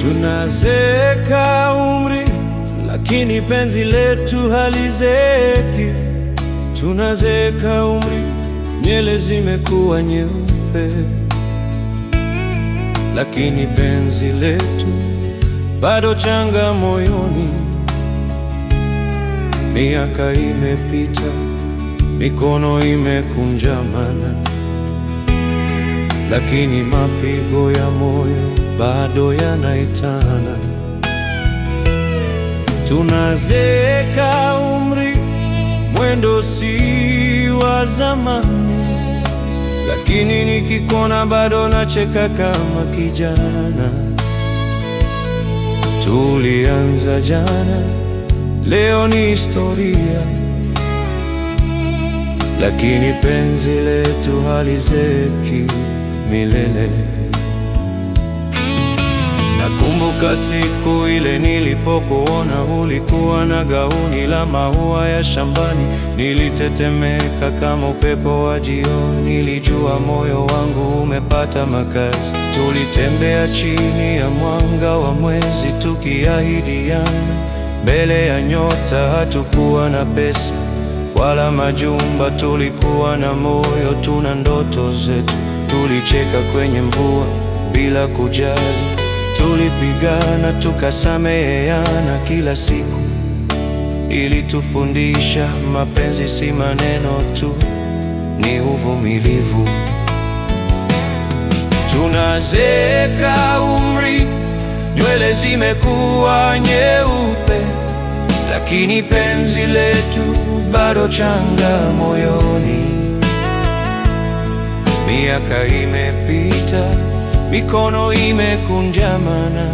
Tunazeeka umri, lakini penzi letu halizeki tunazeka umri, nywele zimekuwa nyeupe, lakini penzi letu bado changa moyoni. Miaka imepita, mikono imekunjamana, lakini mapigo ya moyo bado yanaitana. Tunazeeka umri, mwendo si wa zamani, lakini nikikona bado nacheka kama kijana. Tulianza jana, leo ni historia, lakini penzi letu halizeki milele. Nakumbuka siku ile nilipokuona, ulikuwa na gauni la maua ya shambani. Nilitetemeka kama upepo wa jioni, nilijua moyo wangu umepata makazi. Tulitembea chini ya mwanga wa mwezi, tukiahidiana mbele ya nyota. Hatukuwa na pesa wala majumba, tulikuwa na moyo, tuna ndoto zetu. Tulicheka kwenye mvua bila kujali. Tulipigana tukasameheana kila siku, ilitufundisha mapenzi si maneno tu, ni uvumilivu. Tunazeeka umri, nywele zimekuwa nyeupe, lakini penzi letu bado changa moyoni. Miaka imepita mikono imekunjamana,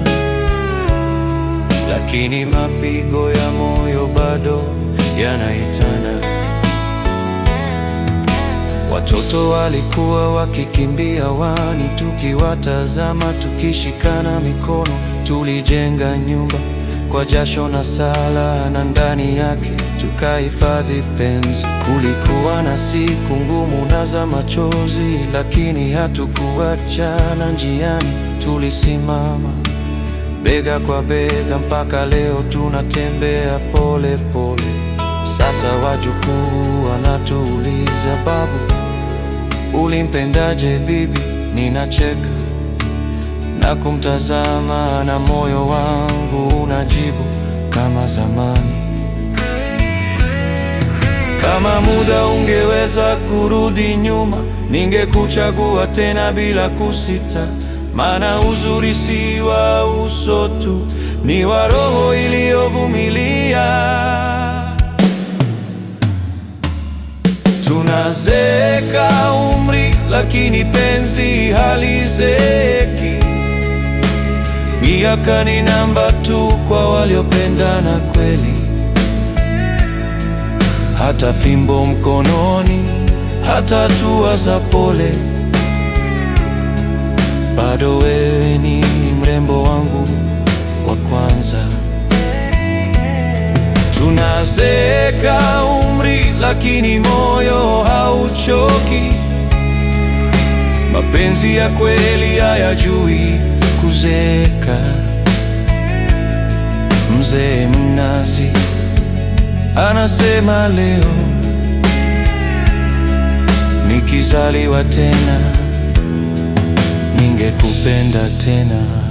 lakini mapigo ya moyo bado yanaitana. Watoto walikuwa wakikimbia wani, tukiwatazama tukishikana mikono, tulijenga nyumba kwa jasho na sala, na ndani yake tukahifadhi penzi. Kulikuwa na siku ngumu na za machozi, lakini hatukuachana njiani, tulisimama bega kwa bega mpaka leo tunatembea pole pole. Sasa wajukuu wanatuuliza, babu, ulimpendaje bibi? Ninacheka na kumtazama, na moyo wangu unajibu kama zamani. Kama muda ungeweza kurudi nyuma, ningekuchagua tena bila kusita, maana uzuri si wa uso tu, ni wa roho iliyovumilia. Tunazeeka umri, lakini penzi halizeeki. Miaka ni namba tu kwa waliopendana kweli. Hata fimbo mkononi, hata hatua za pole, bado wewe ni mrembo wangu wa kwanza. Tunazeeka umri, lakini moyo hauchoki. Mapenzi ya kweli hayajui kuzeka mzee mnazi anasema leo nikizaliwa tena ningekupenda tena.